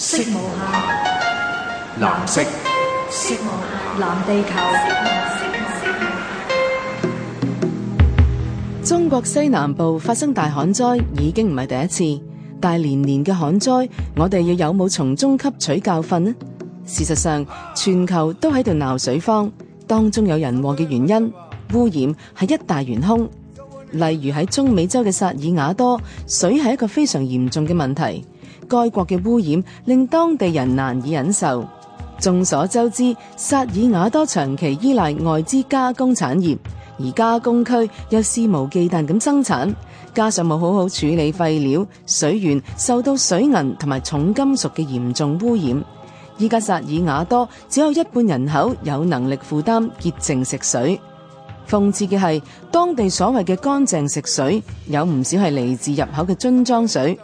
色無暇藍色。色無暇，藍地球。中國西南部發生大旱災已經唔係第一次，但年年嘅旱災，我哋要有冇從中吸取教訓呢？事實上，全球都喺度鬧水荒，當中有人禍嘅原因，污染係一大元兇。例如喺中美洲嘅薩爾瓦多，水係一個非常嚴重嘅問題。該國嘅污染令當地人難以忍受。眾所周知，薩爾瓦多長期依賴外資加工產業，而加工區又肆無忌憚咁生產，加上冇好好處理廢料，水源受到水銀同埋重金屬嘅嚴重污染。依家薩爾瓦多只有一半人口有能力負擔潔淨食水。諷刺嘅係，當地所謂嘅乾淨食水，有唔少係嚟自入口嘅樽裝水。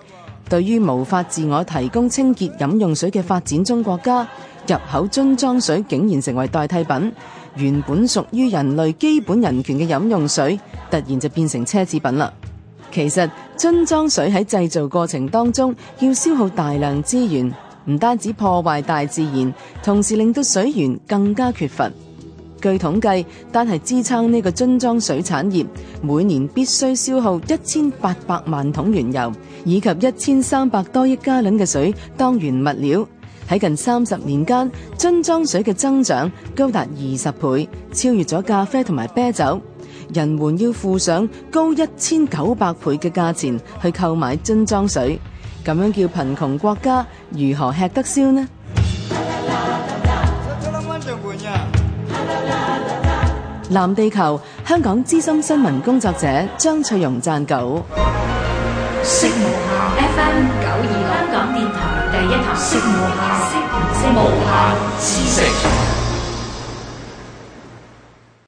對於無法自我提供清潔飲用水嘅發展中國家，入口樽裝水竟然成為代替品。原本屬於人類基本人權嘅飲用水，突然就變成奢侈品啦。其實，樽裝水喺製造過程當中，要消耗大量資源，唔單止破壞大自然，同時令到水源更加缺乏。據統計，單係支撐呢個樽裝水產業，每年必須消耗一千八百萬桶原油，以及一千三百多億加侖嘅水當原物料。喺近三十年間，樽裝水嘅增長高達二十倍，超越咗咖啡同埋啤酒。人們要付上高一千九百倍嘅價錢去購買樽裝水，咁樣叫貧窮國家如何吃得消呢？藍地球，香港資深新聞工作者張翠蓉撰稿。